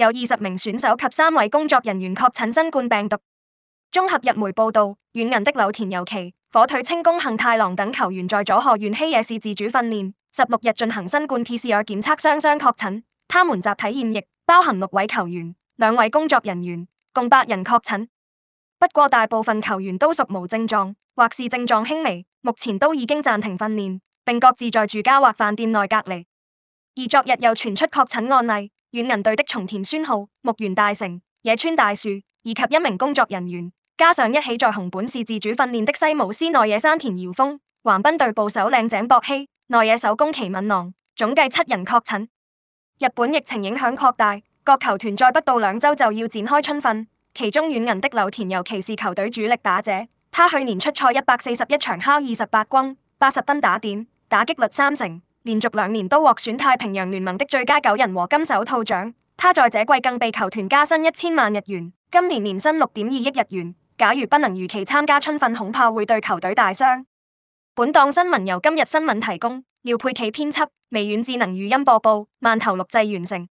有二十名選手及三位工作人員確診新冠病毒。綜合日媒報道，軟銀的柳田悠歧、火腿清宮幸太郎等球員在佐賀縣希野市自主訓練，十六日進行新冠 PCR 檢測，雙雙確診。他們集體驗疫，包含六位球員、兩位工作人員，共八人確診。不過，大部分球員都屬無症狀或是症狀輕微，目前都已經暫停訓練，並各自在住家或飯店內隔離。而昨日又傳出確診案例。軟銀隊的松田宣浩、牧原大成、野村大樹以及一名工作人員，加上一起在熊本市自主訓練的西姆斯內野山田遙峰，橫濱隊捕手嶺井博希、內野手宮崎敏郎，總計七人確診。日本疫情影響擴大，各球團在不到兩周就要展開春訓，其中軟銀的柳田尤其是球隊主力打者，他去年出賽一百四十一場敲，敲二十八轟八十分打點，打擊率三成。連續兩年都獲選太平洋聯盟的最佳九人和金手套獎，他在這季更被球團加薪，一千萬日元，今年年薪六點二億日元。假如不能如期參加春訓，恐怕會對球隊大傷。本檔新聞由今日新聞提供，廖佩琪編輯，微軟智能語音播報，曼頭錄製完成。